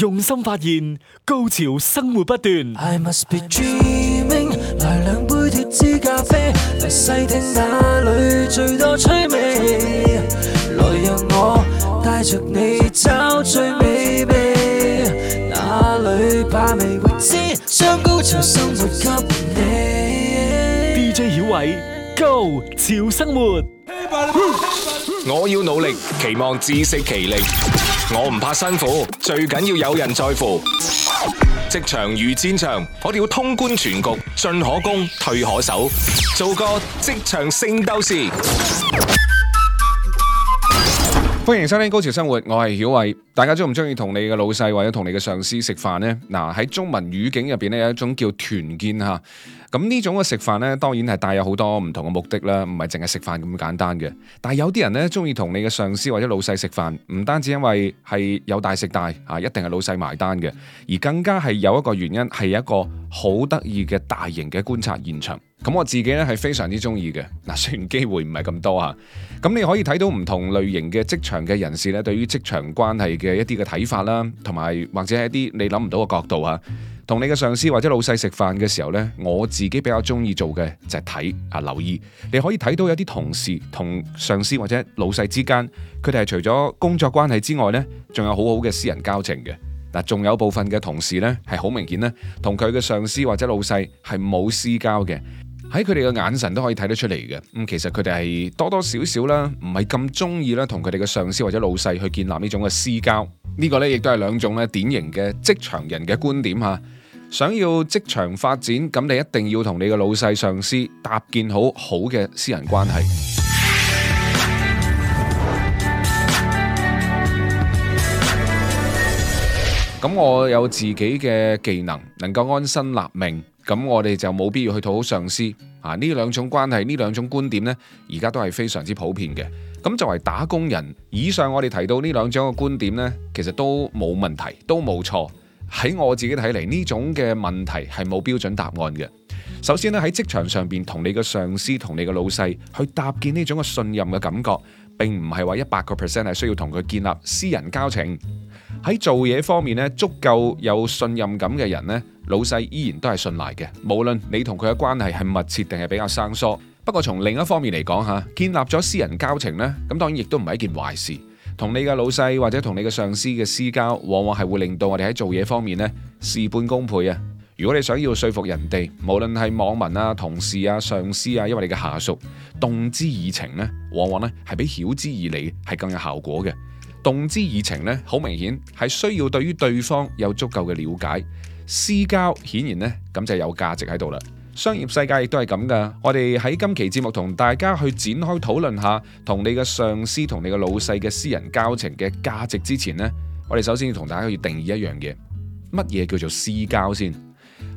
用心發現 Go 潮生活不斷。I must be dreaming，來兩杯鐵脂咖啡，嚟細聽哪裏最多趣味，來讓我帶着你找最美味，哪裏怕未會知，將 Go 潮生活給你。DJ 曉偉，Go 潮生活。我要努力，期望自食其力。我唔怕辛苦，最緊要有人在乎。職場如戰場，我哋要通觀全局，進可攻，退可守，做個職場聖鬥士。歡迎收聽《Go 潮生活》，我係曉偉。大家中唔中意同你嘅老細或者同你嘅上司食飯呢？嗱，喺中文語境入邊咧，有一種叫團建吓。咁呢種嘅食飯呢，當然係帶有好多唔同嘅目的啦，唔係淨係食飯咁簡單嘅。但係有啲人呢，中意同你嘅上司或者老細食飯，唔單止因為係有大食大啊，一定係老細埋單嘅，而更加係有一個原因係一個好得意嘅大型嘅觀察現場。咁我自己咧係非常之中意嘅嗱，雖然機會唔係咁多吓，咁你可以睇到唔同類型嘅職場嘅人士咧，對於職場關係嘅一啲嘅睇法啦，同埋或者係一啲你諗唔到嘅角度吓，同你嘅上司或者老細食飯嘅時候呢，我自己比較中意做嘅就係睇啊，留意你可以睇到有啲同事同上司或者老細之間，佢哋係除咗工作關係之外呢，仲有好好嘅私人交情嘅嗱，仲有部分嘅同事呢，係好明顯呢，同佢嘅上司或者老細係冇私交嘅。喺佢哋嘅眼神都可以睇得出嚟嘅，咁其實佢哋係多多少少啦，唔係咁中意啦，同佢哋嘅上司或者老細去建立呢種嘅私交。呢個咧亦都係兩種咧典型嘅職場人嘅觀點吓。想要職場發展，咁你一定要同你嘅老細上司搭建好好嘅私人關係。咁我有自己嘅技能，能夠安身立命。咁我哋就冇必要去討好上司，啊呢兩種關係，呢兩種觀點呢，而家都係非常之普遍嘅。咁作為打工人，以上我哋提到呢兩種嘅觀點呢，其實都冇問題，都冇錯。喺我自己睇嚟，呢種嘅問題係冇標準答案嘅。首先呢，喺職場上邊，同你嘅上司同你嘅老細去搭建呢種嘅信任嘅感覺，並唔係話一百個 percent 係需要同佢建立私人交情。喺做嘢方面呢，足夠有信任感嘅人呢，老細依然都係信賴嘅，無論你同佢嘅關係係密切定係比較生疏。不過從另一方面嚟講吓，建立咗私人交情呢，咁當然亦都唔係一件壞事。同你嘅老細或者同你嘅上司嘅私交，往往係會令到我哋喺做嘢方面呢，事半功倍啊！如果你想要說服人哋，無論係網民啊、同事啊、上司啊，因為你嘅下屬動之以情呢，往往呢係比曉之以理係更有效果嘅。動之以情呢，好明顯係需要對於對方有足夠嘅了解。私交顯然呢，咁就有價值喺度啦。商業世界亦都係咁噶。我哋喺今期節目同大家去展開討論下，同你嘅上司同你嘅老細嘅私人交情嘅價值之前呢，我哋首先要同大家去定義一樣嘢，乜嘢叫做私交先？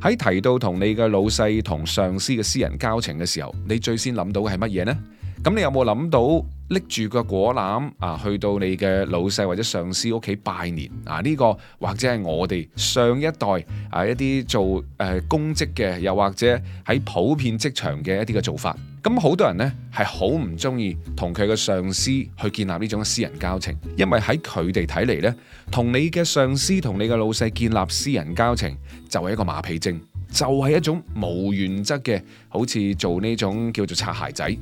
喺提到同你嘅老細同上司嘅私人交情嘅時候，你最先諗到嘅係乜嘢呢？咁你有冇諗到？拎住個果籃啊，去到你嘅老細或者上司屋企拜年啊，呢個或者係我哋上一代啊一啲做誒公職嘅，又或者喺普遍職場嘅一啲嘅做法。咁好多人呢係好唔中意同佢嘅上司去建立呢種私人交情，因為喺佢哋睇嚟呢，同你嘅上司同你嘅老細建立私人交情就係一個馬屁精，就係一種冇原則嘅，好似做呢種叫做擦鞋仔。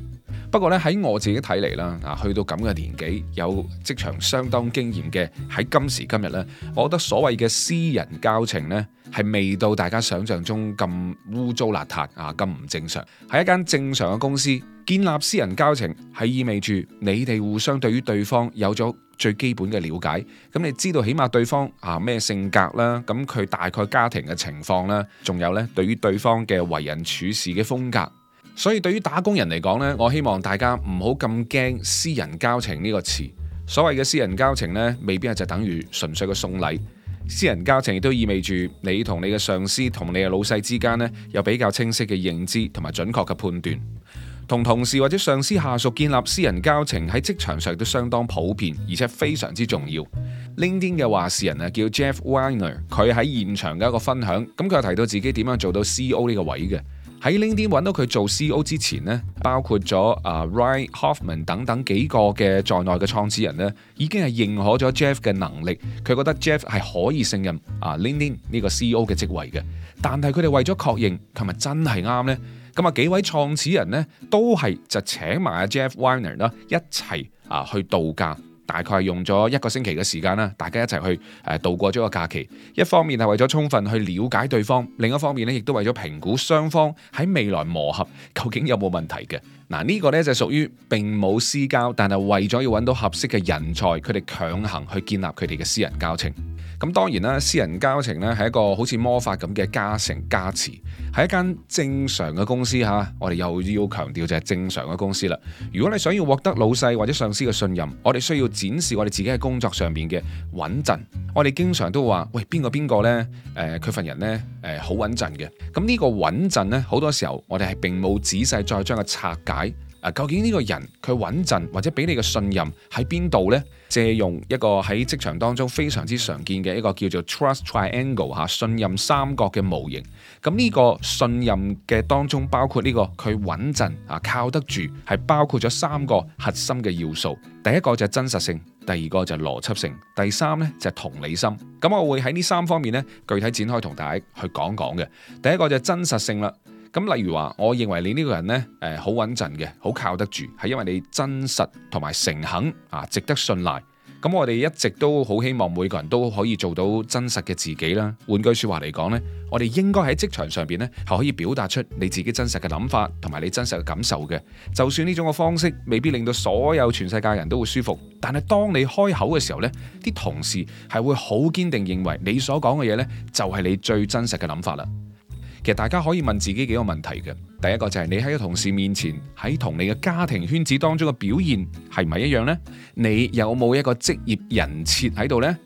不過咧，喺我自己睇嚟啦，啊，去到咁嘅年紀，有職場相當經驗嘅，喺今時今日呢，我覺得所謂嘅私人交情呢，係未到大家想象中咁污糟邋遢啊，咁唔正常。喺一間正常嘅公司，建立私人交情係意味住你哋互相對於對方有咗最基本嘅了解。咁你知道起碼對方啊咩性格啦，咁佢大概家庭嘅情況啦，仲有呢對於對方嘅為人處事嘅風格。所以，對於打工人嚟講呢，我希望大家唔好咁驚私人交情呢個詞。所謂嘅私人交情呢，未必係就等於純粹嘅送禮。私人交情亦都意味住你同你嘅上司同你嘅老細之間呢，有比較清晰嘅認知同埋準確嘅判斷。同同事或者上司下屬建立私人交情喺職場上都相當普遍，而且非常之重要。LinkedIn 嘅話事人啊叫 Jeff Weiner，佢喺現場嘅一個分享，咁佢又提到自己點樣做到 CEO 呢個位嘅。喺 LinkedIn 揾到佢做 CEO 之前咧，包括咗啊 Ryan Hoffman 等等幾個嘅在內嘅創始人咧，已經係認可咗 Jeff 嘅能力，佢覺得 Jeff 係可以勝任啊 LinkedIn 呢個 CEO 嘅職位嘅。但係佢哋為咗確認佢咪真係啱咧，咁啊幾位創始人咧都係就請埋 Jeff Weiner 啦一齊啊去度假。大概用咗一個星期嘅時間啦，大家一齊去誒度過咗個假期。一方面係為咗充分去了解對方，另一方面咧亦都為咗評估雙方喺未來磨合究竟有冇問題嘅。嗱、這、呢個咧就屬於並冇私交，但係為咗要搵到合適嘅人才，佢哋強行去建立佢哋嘅私人交情。咁當然啦，私人交情咧係一個好似魔法咁嘅加成加持，係一間正常嘅公司嚇。我哋又要強調就係正常嘅公司啦。如果你想要獲得老細或者上司嘅信任，我哋需要展示我哋自己喺工作上面嘅穩陣。我哋經常都話：喂，邊個邊個呢？佢、呃、份人呢？好、呃、穩陣嘅。咁呢個穩陣呢，好多時候我哋係並冇仔細再將佢拆解。究竟呢個人佢穩陣或者俾你嘅信任喺邊度呢？借用一個喺職場當中非常之常見嘅一個叫做 trust triangle 吓信任三角嘅模型。咁、呢、呢個信任嘅當中包括呢、呢個佢穩陣啊靠得住，係包括咗三個核心嘅要素。第一個就係真實性，第二個就係邏輯性，第三呢就係同理心。咁我會喺呢三方面呢，具體展開同大家去講講嘅。第一個就係真實性啦。咁例如話，我認為你呢個人呢，誒，好穩陣嘅，好靠得住，係因為你真實同埋誠懇啊，值得信賴。咁我哋一直都好希望每個人都可以做到真實嘅自己啦。換句說話嚟講呢，我哋應該喺職場上邊呢，係可以表達出你自己真實嘅諗法同埋你真實嘅感受嘅。就算呢種嘅方式未必令到所有全世界人都會舒服，但係當你開口嘅時候呢，啲同事係會好堅定認為你所講嘅嘢呢，就係你最真實嘅諗法啦。其實大家可以問自己幾個問題嘅，第一個就係你喺個同事面前，喺同你嘅家庭圈子當中嘅表現係咪一樣呢？你有冇一個職業人設喺度呢？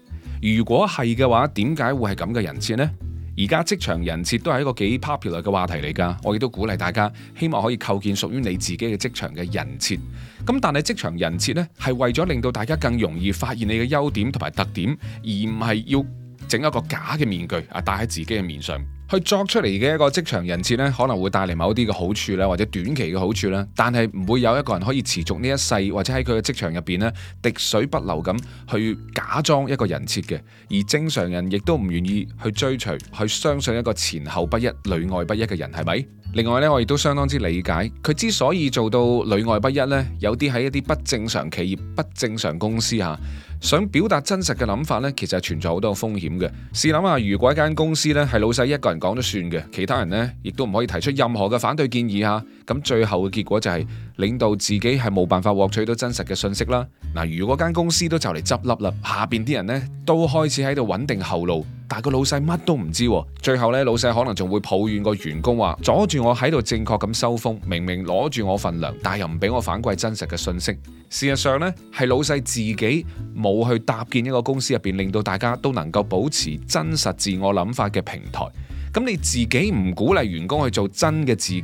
如果係嘅話，點解會係咁嘅人設呢？而家職場人設都係一個幾 popular 嘅話題嚟噶，我亦都鼓勵大家，希望可以構建屬於你自己嘅職場嘅人設。咁但係職場人設呢，係為咗令到大家更容易發現你嘅優點同埋特點，而唔係要整一個假嘅面具啊戴喺自己嘅面上。去作出嚟嘅一個職場人設呢，可能會帶嚟某啲嘅好處或者短期嘅好處，但係唔會有一個人可以持續呢一世，或者喺佢嘅職場入面滴水不流咁去假裝一個人設嘅。而正常人亦都唔願意去追隨，去相信一個前後不一、裏外不一嘅人，係咪？另外咧，我亦都相當之理解，佢之所以做到裏外不一咧，有啲喺一啲不正常企業、不正常公司嚇，想表達真實嘅諗法咧，其實係存在好多風險嘅。試諗下，如果一間公司咧係老細一個人講都算嘅，其他人呢亦都唔可以提出任何嘅反對建議嚇，咁最後嘅結果就係、是。領導自己係冇辦法獲取到真實嘅信息啦。嗱，如果間公司都就嚟執笠啦，下邊啲人呢都開始喺度穩定後路，但個老細乜都唔知。最後呢，老細可能仲會抱怨個員工話：阻住我喺度正確咁收風，明明攞住我份糧，但又唔俾我反饋真實嘅信息。事實上呢，係老細自己冇去搭建一個公司入邊，令到大家都能夠保持真實自我諗法嘅平台。咁你自己唔鼓勵員工去做真嘅自己，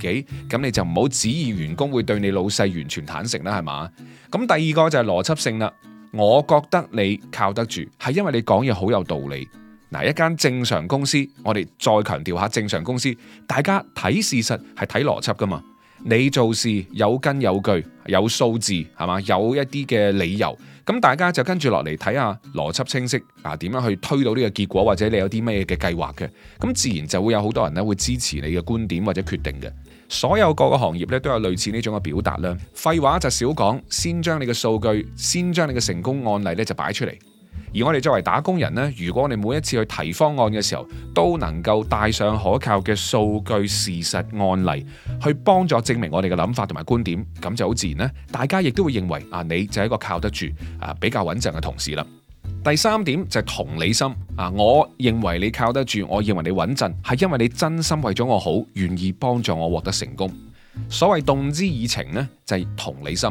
咁你就唔好指意員工會對你老細完全坦誠啦，係嘛？咁第二個就係邏輯性啦。我覺得你靠得住，係因為你講嘢好有道理。嗱，一間正常公司，我哋再強調下，正常公司大家睇事實係睇邏輯噶嘛。你做事有根有據，有數字，係嘛，有一啲嘅理由。咁大家就跟住落嚟睇下邏輯清晰啊，點樣去推到呢個結果，或者你有啲咩嘅計劃嘅，咁自然就會有好多人咧會支持你嘅觀點或者決定嘅。所有各個行業咧都有類似呢種嘅表達啦。廢話就少講，先將你嘅數據，先將你嘅成功案例咧就擺出嚟。而我哋作為打工人呢，如果我哋每一次去提方案嘅時候都能夠帶上可靠嘅數據、事實、案例去幫助證明我哋嘅諗法同埋觀點，咁就好自然咧。大家亦都會認為啊，你就係一個靠得住啊，比較穩陣嘅同事啦。第三點就係同理心啊，我認為你靠得住，我認為你穩陣，係因為你真心為咗我好，願意幫助我獲得成功。所謂動之以情呢，就係同理心。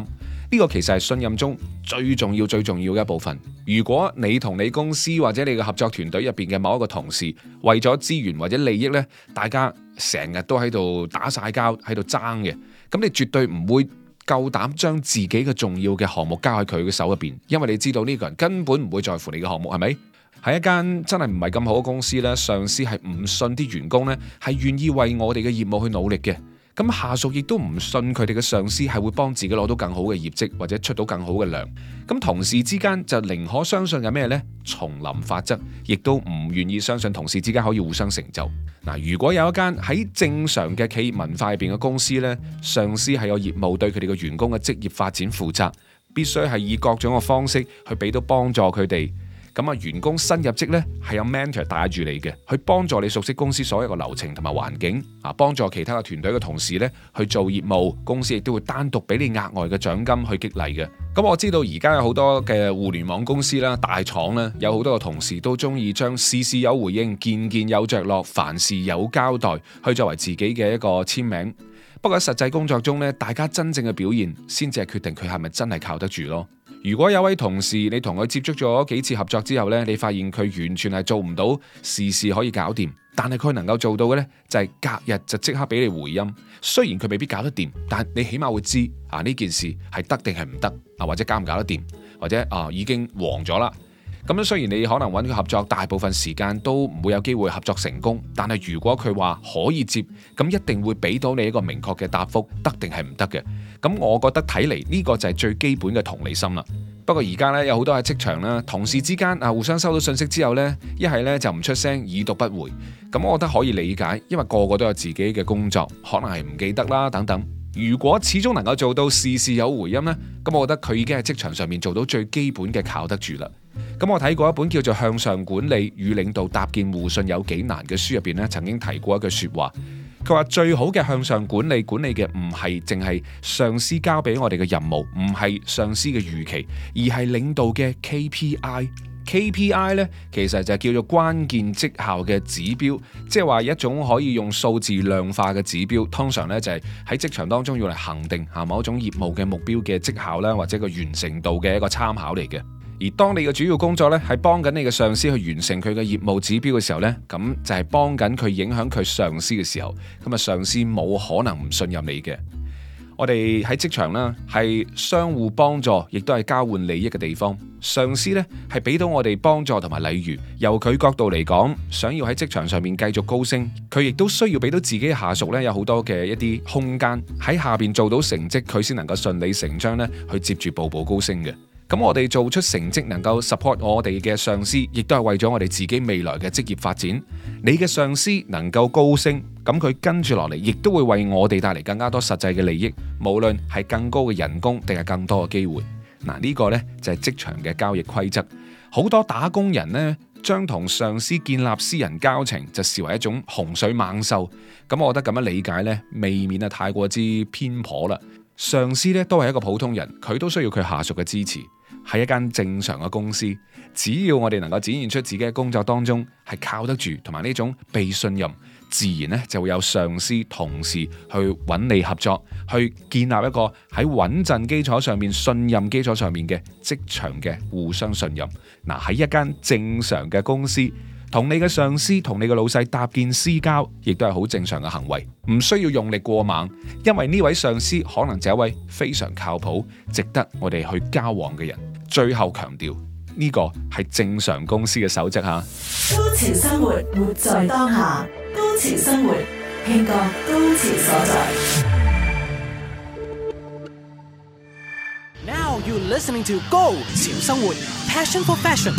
呢個其實係信任中最重要、最重要嘅一部分。如果你同你公司或者你嘅合作團隊入邊嘅某一個同事，為咗資源或者利益呢，大家成日都喺度打晒交，喺度爭嘅，咁你絕對唔會夠膽將自己嘅重要嘅項目交喺佢嘅手入邊，因為你知道呢個人根本唔會在乎你嘅項目，係咪？喺一間真係唔係咁好嘅公司咧，上司係唔信啲員工咧係願意為我哋嘅業務去努力嘅。咁下屬亦都唔信佢哋嘅上司係會幫自己攞到更好嘅業績或者出到更好嘅糧。咁同事之間就寧可相信有咩呢？叢林法則，亦都唔願意相信同事之間可以互相成就。嗱，如果有一間喺正常嘅企業文化入邊嘅公司呢，上司係有業務對佢哋嘅員工嘅職業發展負責，必須係以各種嘅方式去俾到幫助佢哋。咁啊，員工新入職咧，係有 mentor 帶住你嘅，去幫助你熟悉公司所有嘅流程同埋環境，啊幫助其他嘅團隊嘅同事咧去做業務。公司亦都會單獨俾你額外嘅獎金去激勵嘅。咁我知道而家有好多嘅互聯網公司啦、大廠啦，有好多嘅同事都中意將事事有回應、件件有着落、凡事有交代去作為自己嘅一個簽名。不過喺實際工作中咧，大家真正嘅表現先至係決定佢係咪真係靠得住咯。如果有位同事，你同佢接觸咗幾次合作之後呢，你發現佢完全係做唔到，事事可以搞掂，但係佢能夠做到嘅呢，就係隔日就即刻俾你回音。雖然佢未必搞得掂，但你起碼會知道啊呢件事係得定係唔得，或者搞唔搞得掂，或者、啊、已經黃咗啦。咁雖然你可能搵佢合作，大部分時間都唔會有機會合作成功。但係如果佢話可以接，咁一定會俾到你一個明確嘅答覆，得定係唔得嘅。咁我覺得睇嚟呢個就係最基本嘅同理心啦。不過而家呢，有好多喺職場啦，同事之間啊互相收到信息之後呢，一係呢就唔出聲，已讀不回。咁我覺得可以理解，因為個個都有自己嘅工作，可能係唔記得啦等等。如果始終能夠做到事事有回音呢，咁我覺得佢已經喺職場上面做到最基本嘅靠得住啦。咁我睇過一本叫做《向上管理與領導搭建互信有幾難》嘅書入邊曾經提過一句說話，佢話最好嘅向上管理，管理嘅唔係淨係上司交俾我哋嘅任務，唔係上司嘅預期，而係領導嘅 KPI。KPI 呢，其實就叫做關鍵績效嘅指標，即係話一種可以用數字量化嘅指標。通常呢，就係喺職場當中用嚟恒定吓某一種業務嘅目標嘅績效啦，或者個完成度嘅一個參考嚟嘅。而當你嘅主要工作呢，係幫緊你嘅上司去完成佢嘅業務指標嘅時候呢，咁就係幫緊佢影響佢上司嘅時候，咁啊上司冇可能唔信任你嘅。我哋喺職場啦，係相互幫助，亦都係交換利益嘅地方。上司呢，係俾到我哋幫助同埋禮遇，由佢角度嚟講，想要喺職場上面繼續高升，佢亦都需要俾到自己下屬呢，有好多嘅一啲空間，喺下邊做到成績，佢先能夠順理成章呢，去接住步步高升嘅。咁我哋做出成績，能夠 support 我哋嘅上司，亦都係為咗我哋自己未來嘅職業發展。你嘅上司能夠高升，咁佢跟住落嚟，亦都會為我哋帶嚟更加多實際嘅利益，無論係更高嘅人工定係更多嘅機會。嗱，呢個呢就係職場嘅交易規則。好多打工人呢，將同上司建立私人交情就視為一種洪水猛獸。咁我覺得咁樣理解呢，未免啊太過之偏頗啦。上司呢都係一個普通人，佢都需要佢下屬嘅支持。係一間正常嘅公司，只要我哋能夠展現出自己嘅工作當中係靠得住，同埋呢種被信任，自然咧就會有上司、同事去揾你合作，去建立一個喺穩陣基礎上面，信任基礎上面嘅職場嘅互相信任。嗱，喺一間正常嘅公司，同你嘅上司、同你嘅老細搭建私交，亦都係好正常嘅行為，唔需要用力過猛，因為呢位上司可能就係一位非常靠譜、值得我哋去交往嘅人。最後強調，呢個係正常公司嘅守則吓。高潮生活，活在當下。高潮生活，慶個高潮所在。Now you're listening to 高潮生活，Passion for Fashion。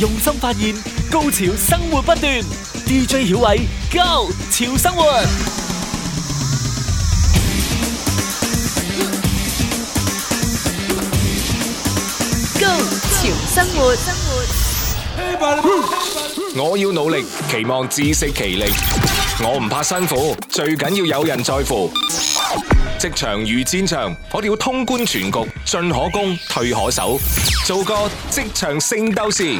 用心發現，高潮生活不斷。DJ 曉偉，Go 潮生活。生活，生活。我要努力，期望自食其力。我唔怕辛苦，最緊要有人在乎。職場如戰場，我哋要通關全局，進可攻，退可守，做個職場聖鬥士。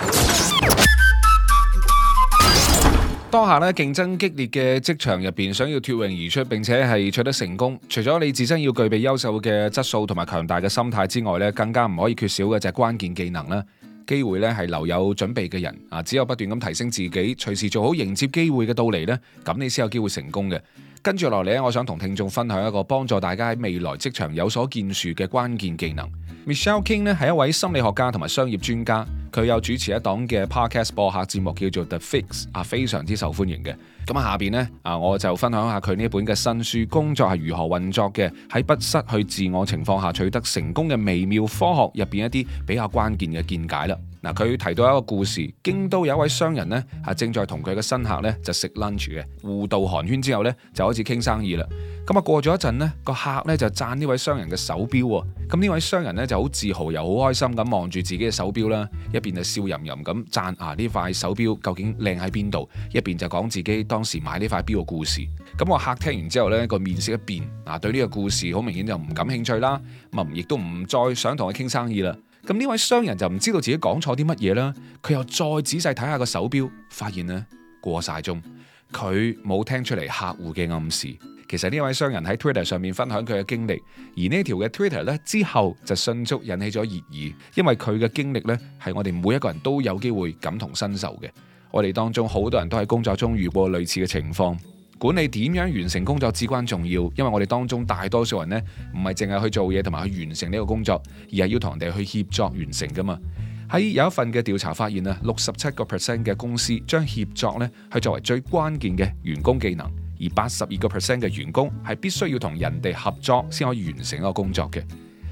當下咧，競爭激烈嘅職場入邊，想要脫穎而出，並且係取得成功，除咗你自身要具備優秀嘅質素同埋強大嘅心態之外呢，更加唔可以缺少嘅就係關鍵技能啦。.機會咧係留有準備嘅人啊，只有不斷咁提升自己，隨時做好迎接機會嘅到嚟，咧，咁你先有機會成功嘅。跟住落嚟咧，我想同聽眾分享一個幫助大家喺未來職場有所建樹嘅關鍵技能。 Michelle King 咧係一位心理學家同埋商業專家。佢有主持一檔嘅 Podcast 播客節目，叫做 The Fix，啊非常之受歡迎嘅。咁下邊呢，啊，我就分享一下佢呢本嘅新書《工作係如何運作嘅》，喺不失去自我情況下取得成功嘅微妙科學入邊一啲比較關鍵嘅見解啦。嗱，佢提到一個故事，京都有一位商人呢，係正在同佢嘅新客呢，就食 lunch 嘅，互道寒暄之後呢，就開始傾生意啦。咁啊過咗一陣呢，個客呢，就讚呢位商人嘅手錶喎。咁呢位商人呢，就好自豪又好開心咁望住自己嘅手錶啦，一邊就笑吟吟咁讚啊呢塊手錶究竟靚喺邊度，一邊就講自己當時買呢塊錶嘅故事。咁個客聽完之後呢，個面色一變，啊，對呢個故事好明顯就唔感興趣啦，咁亦都唔再想同佢傾生意啦。咁呢位商人就唔知道自己講錯啲乜嘢啦，佢又再仔細睇下個手錶，發現呢過晒鐘，佢冇聽出嚟客戶嘅暗示。其實呢位商人喺 Twitter 上面分享佢嘅經歷，而呢條嘅 Twitter 咧，之後就迅速引起咗熱議，因為佢嘅經歷咧，係我哋每一個人都有機會感同身受嘅，我哋當中好多人都喺工作中遇過類似嘅情況。管理點樣完成工作至關重要，因為我哋當中大多數人呢，唔係淨係去做嘢同埋去完成呢個工作，而係要同人哋去協作完成㗎嘛。喺有一份嘅調查發現啊，六十七個 percent 嘅公司將協作呢係作為最關鍵嘅員工技能，而八十二個 percent 嘅員工係必須要同人哋合作先可以完成一個工作嘅。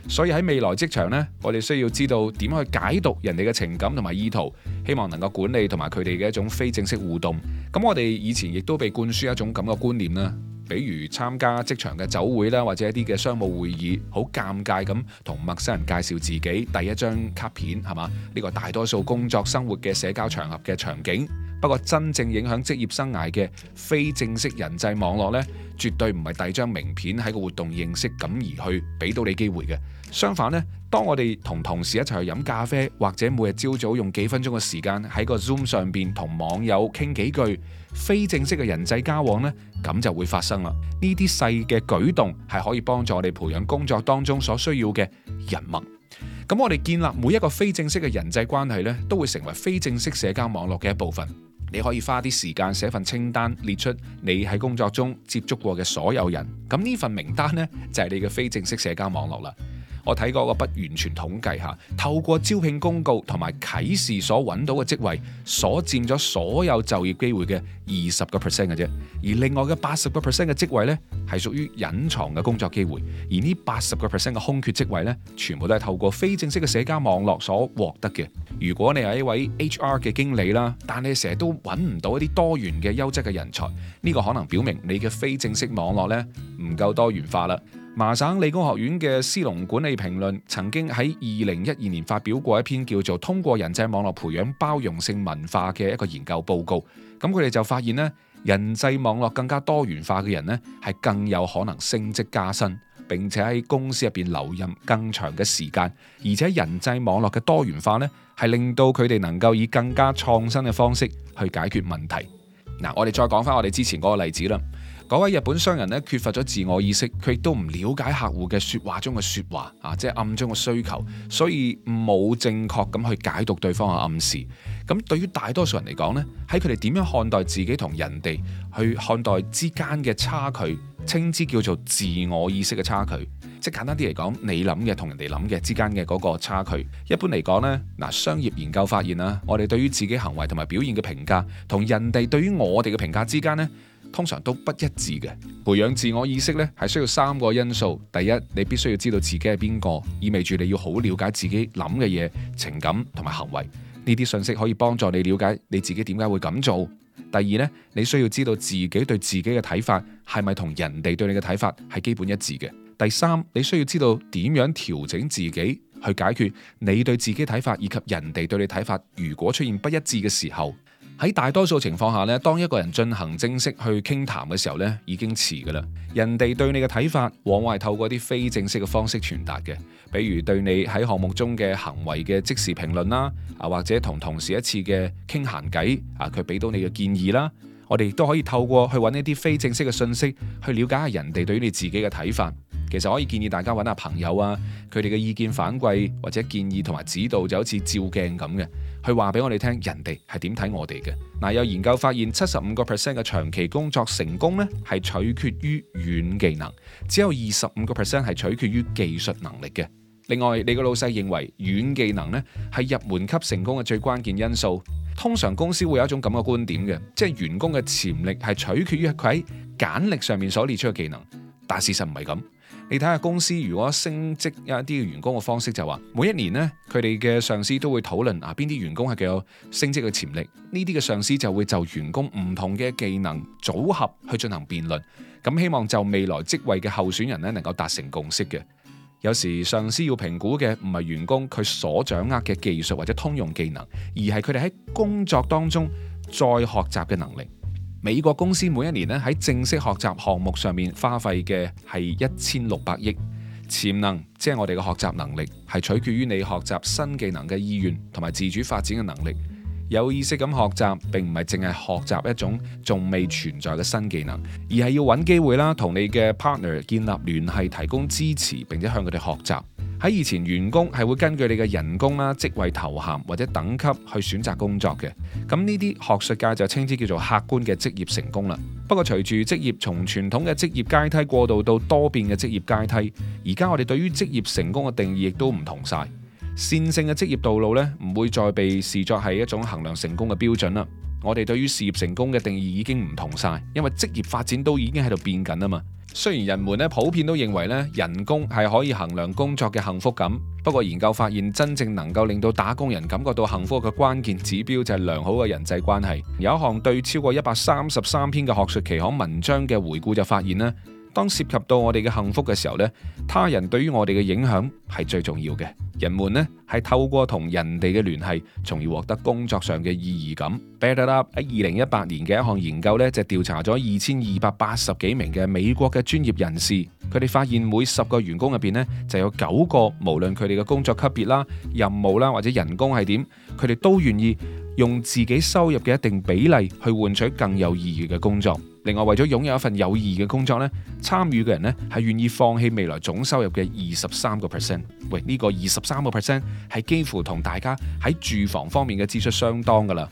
所以喺未來職場呢，我哋需要知道點去解讀人哋嘅情感同埋意圖，希望能夠管理同埋佢哋嘅一種非正式互動。咁我哋以前亦都被灌輸一種咁嘅觀念啦，比如參加職場嘅酒會啦，或者一啲嘅商務會議，好尷尬咁同陌生人介紹自己第一張卡片，係嘛？呢、這個大多數工作生活嘅社交場合嘅場景。不過真正影響職業生涯嘅非正式人際網絡呢，絕對唔係第二張名片喺個活動認識咁而去俾到你機會嘅。相反呢，當我哋同同事一齊去飲咖啡，或者每日朝早用幾分鐘嘅時間喺個 Zoom 上邊同網友傾幾句非正式嘅人際交往呢，咁就會發生啦。呢啲細嘅舉動係可以幫助我哋培養工作當中所需要嘅人脈。咁我哋建立每一個非正式嘅人際關係呢，都會成為非正式社交網絡嘅一部分。你可以花啲時間寫一份清單，列出你喺工作中接觸過嘅所有人。咁呢份名單呢，就係你嘅非正式社交網絡啦。我睇過一個不完全統計嚇，透過招聘公告同埋啟事所揾到嘅職位，所佔咗所有就業機會嘅二十個 percent 嘅啫。而另外嘅八十個 percent 嘅職位呢，係屬於隱藏嘅工作機會。而呢八十個 percent 嘅空缺職位呢，全部都係透過非正式嘅社交網絡所獲得嘅。如果你係一位 HR 嘅經理啦，但你成日都揾唔到一啲多元嘅優質嘅人才，呢、這個可能表明你嘅非正式網絡呢，唔夠多元化啦。麻省理工學院嘅斯隆管理評論曾經喺二零一二年發表過一篇叫做《通過人際網絡培養包容性文化》嘅一個研究報告。咁佢哋就發現呢，人際網絡更加多元化嘅人呢，係更有可能升職加薪，並且喺公司入邊留任更長嘅時間。而且人際網絡嘅多元化呢，係令到佢哋能夠以更加創新嘅方式去解決問題。嗱，我哋再講翻我哋之前嗰個例子啦。嗰位日本商人咧，缺乏咗自我意識，佢亦都唔了解客戶嘅説話中嘅説話啊，即係暗中嘅需求，所以冇正確咁去解讀對方嘅暗示。咁對於大多數人嚟講呢，喺佢哋點樣看待自己同人哋去看待之間嘅差距，稱之叫做自我意識嘅差距。即係簡單啲嚟講，你諗嘅同人哋諗嘅之間嘅嗰個差距。一般嚟講呢，嗱，商業研究發現啊，我哋對於自己行為同埋表現嘅評價，同人哋對於我哋嘅評價之間咧。通常都不一致嘅。培養自我意識咧，係需要三個因素。第一，你必須要知道自己係邊個，意味住你要好了解自己諗嘅嘢、情感同埋行為。呢啲信息可以幫助你了解你自己點解會咁做。第二咧，你需要知道自己對自己嘅睇法係咪同人哋對你嘅睇法係基本一致嘅。第三，你需要知道點樣調整自己去解決你對自己睇法以及人哋對你睇法，如果出現不一致嘅時候。喺大多數情況下咧，當一個人進行正式去傾談嘅時候咧，已經遲噶啦。人哋對你嘅睇法，往往係透過一啲非正式嘅方式傳達嘅，比如對你喺項目中嘅行為嘅即時評論啦，啊或者同同事一次嘅傾閒偈啊，佢俾到你嘅建議啦，我哋亦都可以透過去揾一啲非正式嘅信息去了解下人哋對於你自己嘅睇法。其實可以建議大家揾下朋友啊，佢哋嘅意見反饋或者建議同埋指導，就好似照鏡咁嘅。佢話俾我哋聽，人哋係點睇我哋嘅。嗱，有研究發現，七十五個 percent 嘅長期工作成功咧，係取決於軟技能，只有二十五個 percent 係取決於技術能力嘅。另外，你個老細認為軟技能咧係入門級成功嘅最關鍵因素，通常公司會有一種咁嘅觀點嘅，即係員工嘅潛力係取決於佢喺簡歷上面所列出嘅技能，但事實唔係咁。你睇下公司如果升職一啲員工嘅方式，就話每一年呢，佢哋嘅上司都會討論啊邊啲員工係幾有升職嘅潛力，呢啲嘅上司就會就員工唔同嘅技能組合去進行辯論，咁希望就未來職位嘅候選人咧能夠達成共識嘅。有時上司要評估嘅唔係員工佢所掌握嘅技術或者通用技能，而係佢哋喺工作當中再學習嘅能力。美國公司每一年咧喺正式學習項目上面花費嘅係一千六百億。潛能即係、就是、我哋嘅學習能力，係取決於你學習新技能嘅意願同埋自主發展嘅能力。有意識咁學習，並唔係淨係學習一種仲未存在嘅新技能，而係要揾機會啦，同你嘅 partner 建立聯繫，提供支持，並且向佢哋學習。喺以前，員工係會根據你嘅人工啦、職位頭銜或者等級去選擇工作嘅。咁呢啲學術界就稱之叫做客觀嘅職業成功啦。不過隨住職業從傳統嘅職業階梯過渡到多變嘅職業階梯，而家我哋對於職業成功嘅定義亦都唔同晒。線性嘅職業道路呢，唔會再被視作係一種衡量成功嘅標準啦。我哋對於事業成功嘅定義已經唔同晒，因為職業發展都已經喺度變緊啊嘛。雖然人們咧普遍都認為咧，人工係可以衡量工作嘅幸福感，不過研究發現真正能夠令到打工人感覺到幸福嘅關鍵指標就係良好嘅人際關係。有一項對超過一百三十三篇嘅學術期刊文章嘅回顧就發現咧當涉及到我哋嘅幸福嘅時候咧，他人對於我哋嘅影響係最重要嘅。人們呢係透過同人哋嘅聯繫，從而獲得工作上嘅意義感。BetterUp 喺二零一八年嘅一項研究咧，就調查咗二千二百八十幾名嘅美國嘅專業人士，佢哋發現每十個員工入邊呢，就有九個，無論佢哋嘅工作級別啦、任務啦或者人工係點，佢哋都願意用自己收入嘅一定比例去換取更有意義嘅工作。另外，為咗擁有一份有意義嘅工作咧，參與嘅人咧係願意放棄未來總收入嘅二十三個 percent。喂，呢個二十三個 percent 係幾乎同大家喺住房方面嘅支出相當噶啦。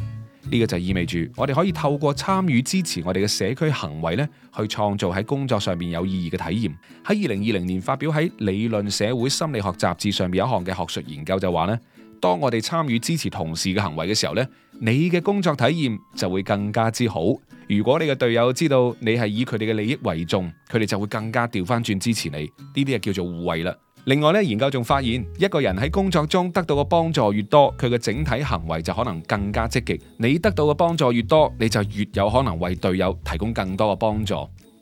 呢個就意味住我哋可以透過參與支持我哋嘅社區行為咧，去創造喺工作上面有意義嘅體驗。喺二零二零年發表喺《理論社會心理學雜誌》上面有一項嘅學術研究就話咧，當我哋參與支持同事嘅行為嘅時候咧，你嘅工作體驗就會更加之好。如果你嘅隊友知道你係以佢哋嘅利益為重，佢哋就會更加掉返轉支持你。呢啲就叫做互惠啦。另外咧，研究仲發現，一個人喺工作中得到嘅幫助越多，佢嘅整體行為就可能更加積極。你得到嘅幫助越多，你就越有可能為隊友提供更多嘅幫助。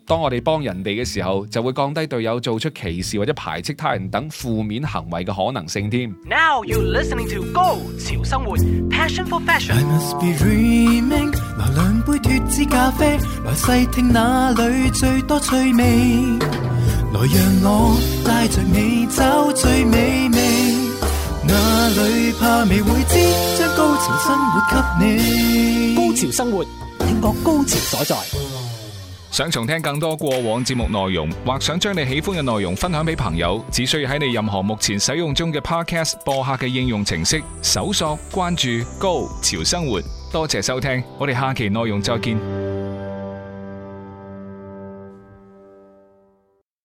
當我哋幫人哋嘅時候，就會降低隊友做出歧視或者排斥他人等負面行為嘅可能性添。Now you listening to Go 潮生活 Passion for Fashion。I must be dreaming. 支咖啡，來細聽哪裏最多趣味，來讓我帶着你找最美味，哪裏怕未會知，將 Go 潮生活給你。Go 潮生活，聽覺 Go 潮所在。想重聽更多過往節目內容，或想將你喜歡嘅內容分享俾朋友，只需要喺你任何目前使用中嘅 Podcast 播客嘅應用程式搜索關注 “Go 潮生活”。多謝收聽，我哋下期內容再見。